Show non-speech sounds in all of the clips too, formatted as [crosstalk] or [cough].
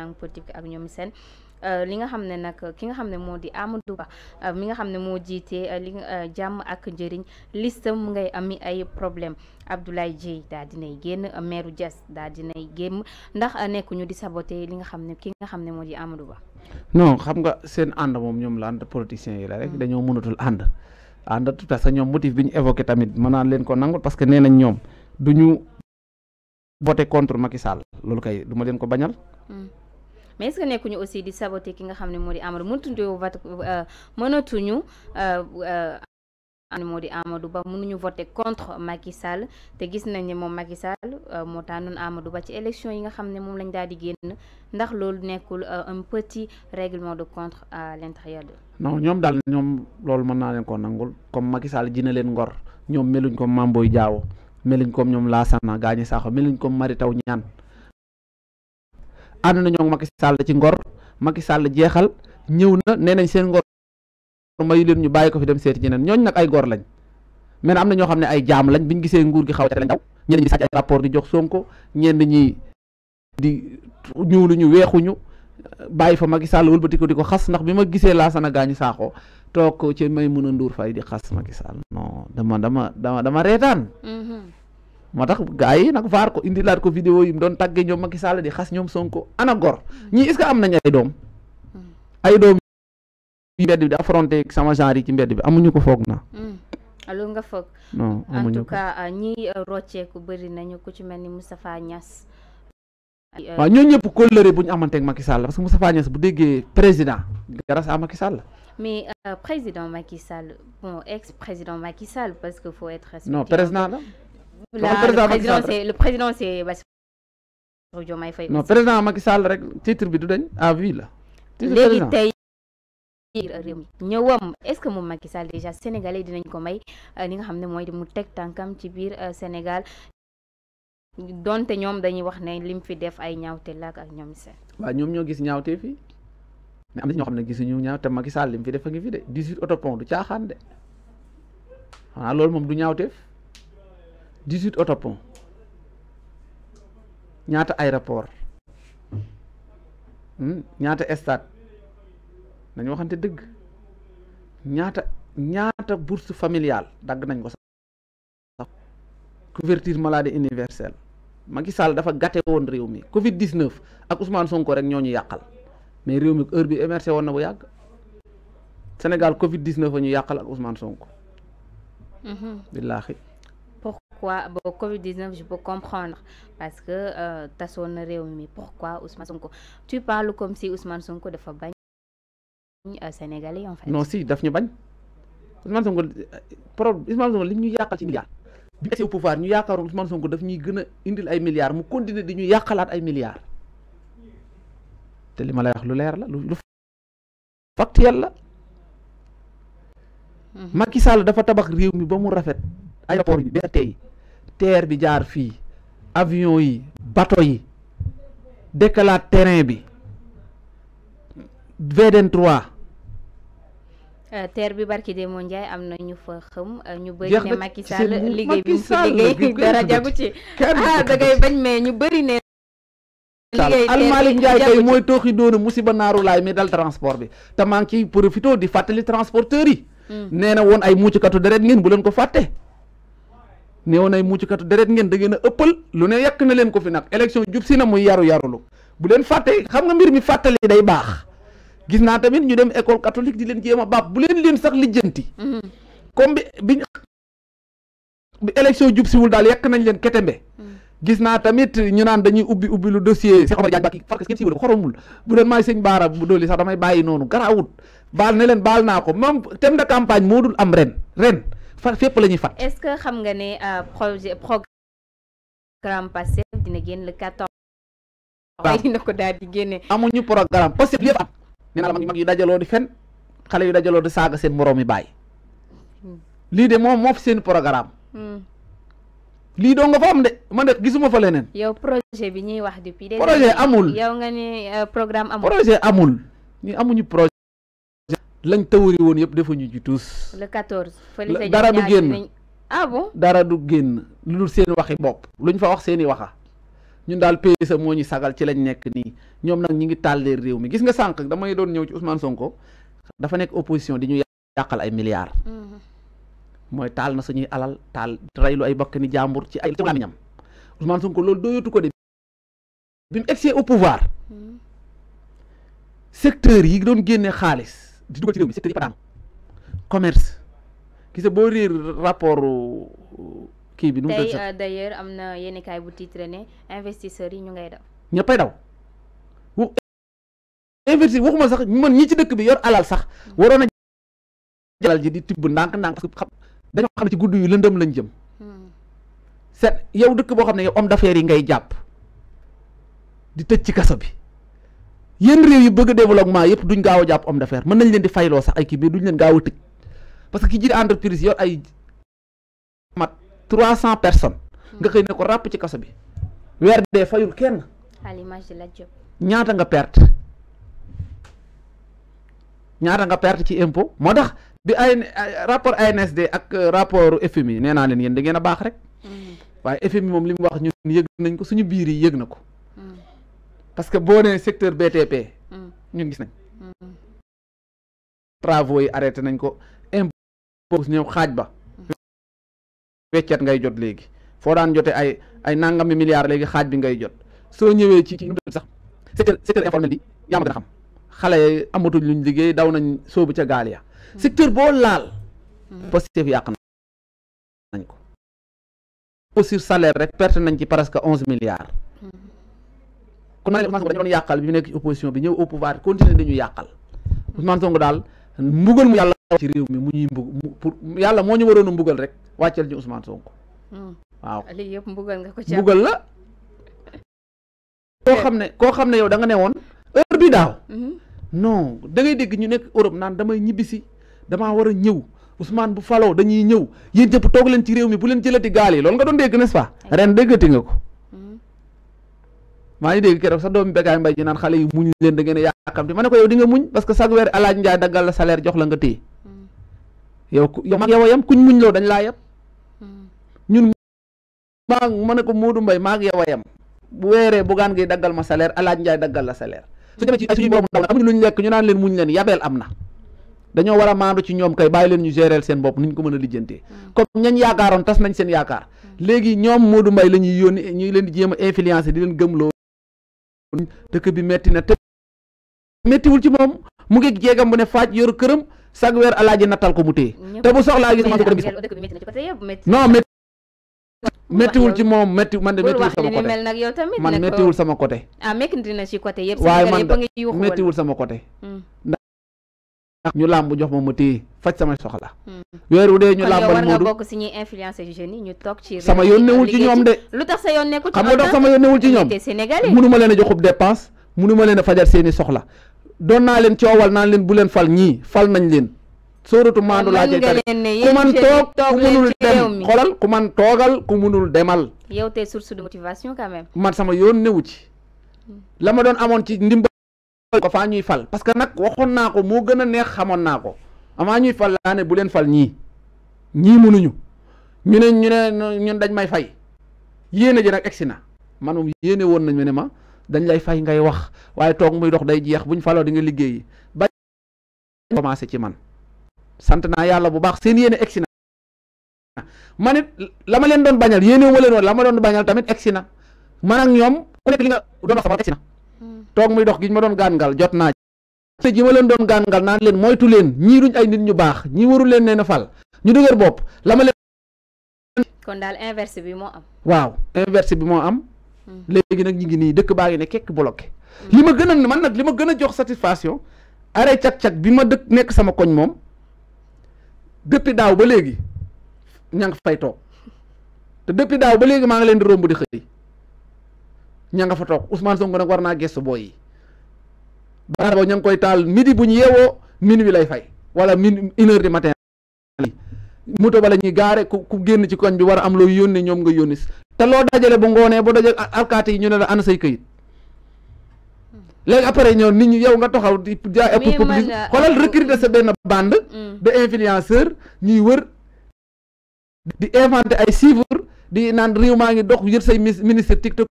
langue politique ak ñoom seen euh, li nga xam ne nag ki nga xam ne moo di Amadou Ba euh, mi nga xam ne moo jiite euh, li jàmm ak njëriñ listam mu ngay ami ay problème Abdoulaye Dieye daa dinay génn maire Diass daa dinay génn ndax nekk ñu di saboté li nga xam ne ki nga xam ne moo di Amadou Ba non xam nga seen ànd moom ñoom la ànd politiciens yi la rek mm. dañoo mënatul ànd ànd parce que ñoom motif bi ñu évoqué tamit mën naa leen ko nangul parce que nee nañ ñoom duñu voté contre Macky Sall loolu kay du leen ko bañal mm. mais est-ce nekkuñu aussi di saboter ki nga xam ne moo di Amadou euh, mënatuñu mënatuñu euh, euh, moo di Amadou Ba mënuñu voter contre Macky Sall te gis nañ ne moom Macky Sall moo tànnoon Amadou Ba ci élection yi nga xam ne moom lañ daal di génn ndax lool nekkul un petit règlement de contre à l'intérieur de non ñoom daal ñoom loolu mën naa leen ko nangul comme Macky Sall ji na leen ngor ñoom meluñ ko Mamboy Diawo meluñ ko ñoom laa Lassana Gagny Sakho meluñ ko Mary Teuw Niane ànd nañoo Macky Sall ci ngor Macky Sall jeexal ñëw na nee nañ seen ngor mayu leen ñu bàyyi ko fi dem seeti ñeneen ñooñu nag ay gor lañ mais am na ñoo xam ne ay jaam lañ biñ gisee nguur gi xaw lañ daw ñenn ñi sàcc ay rapport di jox Sonko ñenn ñi di ñuuluñu weexuñu bàyyi fa Macky Sall wëlbati ko di ko xas ndax bi ma gisee Laasana Gaañu Saaxo toog ci may mun a nduur fay di xas Macky Sall dama dama dama reetaan mm-hmm. moo tax gars yi nag vaar ko indilaat ko vidéo yi mu doon tàggee ñoom Macky Sall di xas ñoom Sonko ana gor ñii est-ce que am nañ ay doom hmm. ay doom yi bi di affronté sama genre yi ci mbedd bi amuñu ko foog na loolu hmm. nga foog en tout cas euh, ñii euh, rocceeku bëri nañu ku ci mel ni Moustapha Niass euh, waaw ñooñu ñëpp kóllëre bu ñu amante ak Macky Sall parce que Moustapha bu déggee président grâce à Macky Sall mais président Macky Sall bon ex président Macky Sall parce que foo être respecté président la la le président c'est le président c'est Bassirou président Macky rek titre bi du dañ à la léegi tey ñëwam est-ce que moom Macky Sall déjà sénégalais dinañ ko may li eh, nga xam ne mooy mu teg tànkam ci biir eh, Sénégal donte ñoom dañuy wax ne lim fi def ay ñaawte laak ak ñoom seen waaw ñoom ñoo gis ñaawte fii mais am na ñoo xam ne gisuñu ñaaw te Macky lim fi def a ngi fi de 18 autopont du caaxaan de xanaa loolu moom du ñaawteef dix-huit autopont ñaata aéroport hmm? ñaata stade nañu waxante dëgg ñaata ñaata bourse familiale dagg nañ ko sax couverture maladie universelle Macky Sall dafa gàtte woon réew mi Covid 19 ak Ousmane Sonko rek ñoo ñu yàqal mais réew mi heure bi émergé woon na bu yàgg Sénégal Covid 19 a ñu yàqal ak Ousmane Sonko. Mhm. billaahi pourquoi ba Covid 19 je peux comprendre que euh, tasoon na réew mi pourquoi Sonko tu parles comme si Ousmane Sonko dafa bañ euh, Sénégalais en fait. non si daf ñu bañ Ousmane Sonko euh, problème Ousmane Sonko li ñu yàqal ci milliards bi mu au pouvoir ñu yaakaaroon Ousmane Sonko daf ñuy gën a indil ay milliards mu continuer di ñu yàqalaat ay milliards te li ma lay wax lu leer la lu factuel la. Mhm. Macky Sall dafa tabax réew mi ba mu rafet aéroport bi ba tey terre bi jaar fii avion yi bateau yi décalaat terrain bi VDN euh, terre bi barki de moo Ndiaye am na ñu fa xëm euh, ñu bëri ne Macky Sall liggéey bi mu fi liggéey dara jagu ci ah dangay bañ mais ñu bëri ne almaalik Njaay tey mooy tooxi doona musiba naaru laay mi dal transport bi te maa ngi ciy profité di fàttali transporteurs yi mm. nee woon ay muucukatu deret ngeen bu leen ko fàtte néew nay muccukatu deret ngeen da ngeen a ëppal lu ne yàq na leen ko fi nag élection jub si na muy yaru yarulu bu leen fàtte xam nga mbir mi fàttali day baax gis naa tamit ñu dem école catholique di leen jéem a baab bu leen leen sax lijjanti mm-hmm. comme bi bi bi élection jub siwul daal yàq nañ leen ketembe mm-hmm. gis naa tamit ñu naan dañuy ubbi ubbi lu dossier Cheikh Omar ki Bakki farkas kenn siiwul xoromul bu doon maay sëñ baara bu dooli sax damay bàyyi noonu garaawut baal na leen baal naa ko moom thème de campagne moo dul am ren ren far fépp la fat est que xam nga ne euh, projet programme passé dina génn ko daal di génne. amuñu programme parce que yëpp mag yu dajaloo di fen xale yu dajaloo di saaga seen moroom yi bàyyi. Hmm. lii de moom moo fi seen programme. Hmm. lii doo nga fa am de man de gisuma fa leneen. yow projet bi ñuy wax depuis. projet amul yow nga ne euh, programme amul. projet amuñu projet. lañ tawari woon yëpp ñu ci tuus. le 14 dara du génn ah bon dara du génn lu dul seen waxi bopp luñ fa wax seen i waxa ñun daal PSE moo ñu sagal ci lañ nekk nii ñoom nag ñu ngi tàlleer réew mi gis nga sànq damay doon ñëw ci Ousmane Sonko dafa nekk opposition di ñu yàqal ay milliards. Mm-hmm. mooy taal na suñuy alal taal reylu ay bakk ci ay ci ay ñam Ousmane Sonko loolu doyatu ko de bi mu egsee au pouvoir mm-hmm. secteur yi doon génne xaalis. di dugal ci réew mi secteur yëpp commerce gis nga boo réer rapport euh, kii bi. nu mu tey euh, d'ailleurs am na yenn kaay bu titre ne investisseurs yi ñu ngay daw. ñëppay daw wu. investir waxuma sax man ñii ci dëkk bi yor alal sax waroon a alal ji di tibb ndànk-ndànk parce xam dañoo xam ne ci gudd yu lëndëm lañ jëm. Hmm. set yow dëkk boo xam ne yow homme d'affaires yi ngay jàpp di tëj ci kaso bi. yéen réew yi bëgg développement yëpp duñ gaaw a jàpp homme d'affaires mën nañ leen di fayloo sax ay kii mais duñ leen gaaw a tëj parce que ki jiite entreprise yor ay mat trois cent personne nga xëy ne ko ràpp ci kaso bi weer dee fayul kenn à l'image de la ñaata nga perte ñaata nga perte ci impôt moo tax bi ay rapport ANSD ak euh, rapport FMI nee naa leen yéen da ngeen a baax rek mm. waaye FMI moom li mu wax ñun yëg nañ ko suñu biir yi yëg na ko mm. parce que boo nee secteur BTP. Mm. ñun gis nañ. Mm. travaux yi arrêté nañ ko impôt ñëw xaaj ba. Mm. weccat ngay jot léegi foo daan jote ay ay nangami milliards léegi xaaj bi ngay jot soo ñëwee ci ci sax secteur secteur informel bi yaa ma xam xale amatuñ luñ liggéey daw nañ soobu ca gaal ya secteur boo laal. Pastef yàq nañ ko. nañ ci presque onze milliards. kon ma ne Ousmane Sonko dañu nekk ci bi ñëw au pouvoir dañu yàqal Ousmane Sonko daal mbugal mu yàlla ci réew mi mu ñuy mbug pour yàlla moo ñu waroon a mbugal rek wàcceel ñu Ousmane Sonko hmm. waaw lii mbugal nga ko ci mbugal la koo xam ne koo xam ne yow da nga ne woon heure bi daaw hmm. non da ngay dégg ñu nekk Europe naan damay ñibbisi damaa war a ñëw Ousmane bu faloo dañuy ñëw yéen ñëpp toog leen ci réew mi bu leen jëlati gaal yi loolu nga doon dégg n'est-ce pas ren déggati nga ko maa ngi dégg keroog sax doom Bécaye Mbaye ji naan xale yu muñ leen da ngeen a yàqamti ma ne ko yow di nga muñ parce que chaque weer alaaj njaay daggal la salaire hmm. laa yab hmm. ñun maa ma ne ko Modou Mbaye maa ngi yow yam bu weeree bugaan ngay daggal ma salaire alaaj njaay daggal la salaire su demee ci ay suñu borom ndaw amuñu luñ ñu naan leen muñ leen yabeel am na dañoo war a maandu ci ñoom kay bàyyi leen ñu gérer seen bopp niñ ko mën a lijjantee hmm. comme ñañ yaakaaroon tas nañ seen yaakaar léegi ñoom Modou Mbaye la ñuy yoon ñu leen di jéem a di leen gëmloo dëkk bi metti na te mettiwul ci moom mu ngi jéegam bu ne faaj yor këram sag weer alaaji nattal ko mu téye te bu soxlaa gis ma ko gis non metti mettiwul ci moom metti man de mettiwul sama côté ah, man mettiwul sama côté waaye man mettiwul sama côté ñu làmb jox ma mu téye faj samay soxla. Hmm. weer wu dee ñu làmbal Modou bokk si ñuy influencer jeunes yi ñu sama yoon newul ci ñoom de. xam nga tax sama yoon newul ci ñoom munu ma leen a joxub dépense munu ma leen a fajal seeni soxla doon naa leen coowal naan leen bu leen fal ñii fal nañ leen. sóoratu maandu laa ku man toog ku man toogal ku munul demal. de motivation quand même. man sama yoon newu ci la ma doon amoon ci ndimbal ko faa ñuy fal parce que nag waxoon naa ko moo gën a neex xamoon naa ko amaa ñuy fal laa ne bu leen fal ñii ñii mënuñu ñu ne ñu ne ñun dañ may fay yéene ji nag egsi na manum yéene woon nañ ne ma dañ lay fay ngay wax waaye toog muy dox day jeex buñ faloo di nga liggéeyi ba ci man sant naa yàlla bu baax seen yéene egsi na man it la leen doon bañal yéene wu leen woon la ma doon bañal tamit egsi na man ñoom ku nekk na toog muy dox gi ñu ma doon gàngal jot naa ji ma leen doon gàngal naan leen moytu leen ñii duñ ay nit ñu baax ñii warul leen nee na fal ñu dëgër bopp la ma leen kon daal inverse bi moo am waaw inverse bi moo am hmm. léegi nag ñu ngi nii dëkk baa ngi ne kekki bloqué li ma gën a man nag li ma gën a jox satisfaction arrêt cag-cag bi ma dëkk nekk sama koñ moom depuis daaw ba léegi ña ngi fay toog te depuis daaw ba léegi maa ngi leen di romb di xëy ña nga fa toog Ousmane Sonko nag war naa gëstu boy yi baraar boobu ngi koy taal midi bu ñu yeewoo minuit wi lay fay wala min une heure du matin moto ba la ñuy gaare ku génn ci koñ bi war a am loo yónnee ñoom nga yónni te loo dajale bu ngoonee ba dajale alkaati yi ñu ne la ana say këyit léegi après ñëw nit ñi yow nga taxaw di jaay ak populisme xoolal recruter sa benn bande mm. de influenceur ñuy wër di inventé ay chiffres di naan réew maa ngi dox yër say ministre TikTok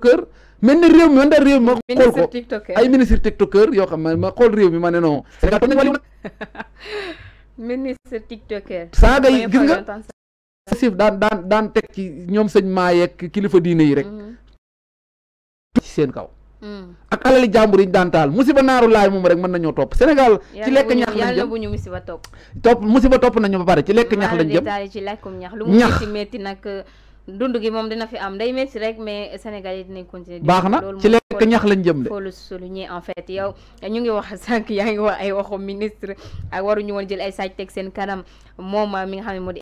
kër mel ni réew mi man daal réew mi ma xool ko ay ministre tiktokeur yoo xam ne ma xool réew mi ma ne non Sénégal toog nañ wàllu [laughs] ministre saaga yi gis nga sif daan teg ci ñoom sëñ maayeeg kilifa diine yi rek mm-hmm. ci seen kaw mm. ak alali jàmbur yi daan taal musiba naaru laay moom rek mën nañoo topp Sénégal ci lekk ñax lañ jëm musiba topp topp musiba topp nañu ba pare ci lekk ñax lañ jëm ñax dund gi moom dina fi am day métti rek mais Sénégal yi dinañ continuer. baax na ci lekk ñax lañ jëm de. faut le souligner en fait yow ñu ngi wax sànq yaa ngi wax ay waxu ministre ak waruñu woon jël ay saaj teg seen kanam moom mi nga xam ne di.